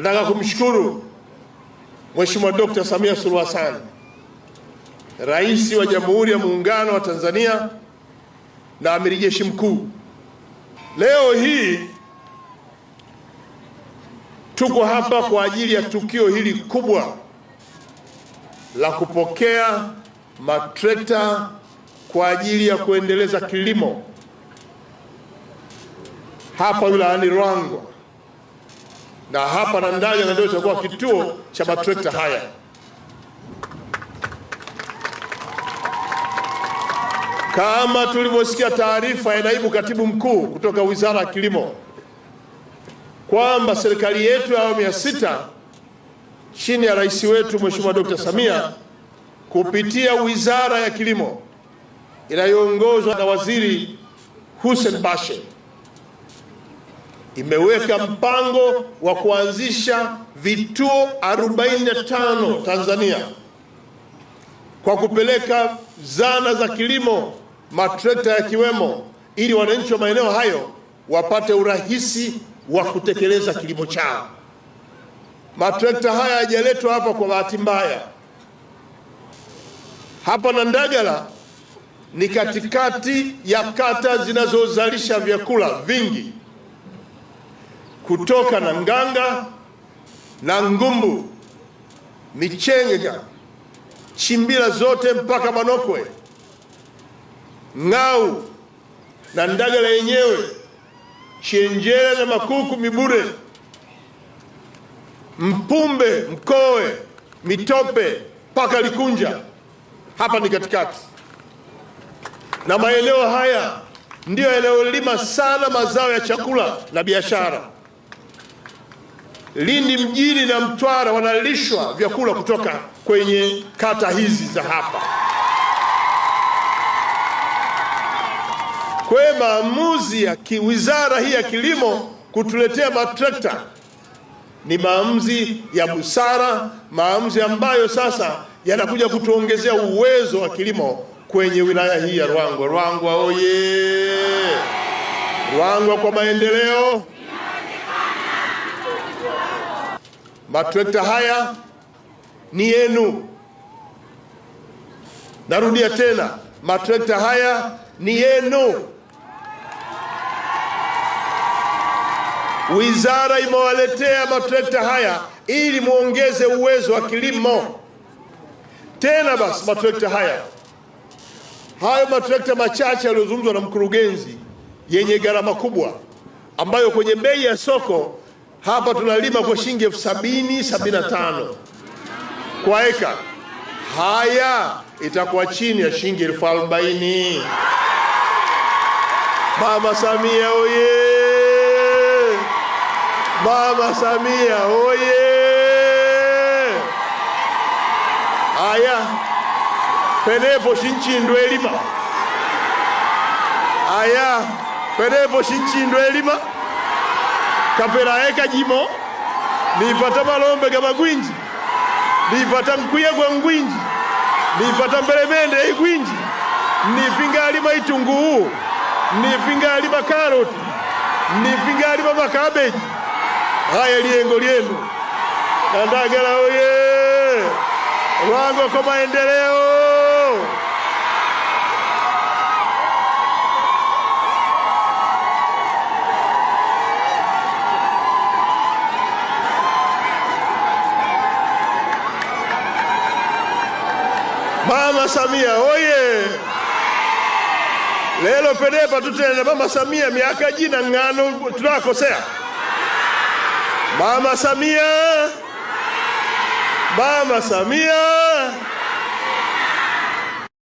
Nataka kumshukuru Mheshimiwa Dkt. Samia Suluhu Hassan, Rais wa Jamhuri ya Muungano wa Tanzania na Amiri Jeshi Mkuu. Leo hii tuko hapa kwa ajili ya tukio hili kubwa la kupokea matrekta kwa ajili ya kuendeleza kilimo hapa wilayani Ruangwa na hapa na ndani ndio itakuwa kituo cha matrekta haya. Kama tulivyosikia taarifa ya naibu katibu mkuu kutoka Wizara ya Kilimo kwamba serikali yetu ya awamu ya sita chini ya rais wetu Mheshimiwa Dr. Samia kupitia Wizara ya Kilimo inayoongozwa na Waziri Hussein Bashe imeweka mpango wa kuanzisha vituo 45 Tanzania kwa kupeleka zana za kilimo, matrekta ya kiwemo ili wananchi wa maeneo hayo wapate urahisi wa kutekeleza kilimo chao. Matrekta haya hayajaletwa hapa kwa bahati mbaya. Hapa na ndagala ni katikati ya kata zinazozalisha vyakula vingi kutoka na Nganga na Ngumbu, michenga Chimbila zote mpaka Manokwe, Ng'au na Ndagala yenyewe, chenjele na Makuku, Mibure, Mpumbe, Mkowe, Mitope mpaka Likunja. Hapa ni katikati, na maeneo haya ndiyo yanayolima sana mazao ya chakula na biashara. Lindi mjini na Mtwara wanalishwa vyakula kutoka kwenye kata hizi za hapa. Kwa maamuzi ya kiwizara hii ya kilimo kutuletea matrekta ni maamuzi ya busara, maamuzi ambayo sasa yanakuja kutuongezea uwezo wa kilimo kwenye wilaya hii ya Ruangwa. Ruangwa oye! Ruangwa kwa maendeleo! Matrekta haya ni yenu. Narudia tena, matrekta haya ni yenu. Wizara imewaletea matrekta haya ili muongeze uwezo wa kilimo. Tena basi, matrekta haya hayo matrekta machache yaliyozungumzwa na mkurugenzi, yenye gharama kubwa, ambayo kwenye bei ya soko hapa tunalima kwa shilingi elfu sabini sabini na tano kwa eka. Haya itakuwa chini ya shilingi elfu arobaini. Mama Samia oye! Mama Samia oye! Haya penepo shinchindwe elima. Haya penepo shinchindwe elima kapera eka jimo nipata malombe ga magwinji niipata mkwiya gwa ngwinji niipata mbelemende ya igwinji nipinga alima nipingali nipinga alima makabeji haya liengo lyenu nandagala oye lwango kwa maendeleo Mama Samia oye! Lelo penepa tutenda Mama Samia miaka jina ng'ano tunakosea. Mama Samia, Mama Samia.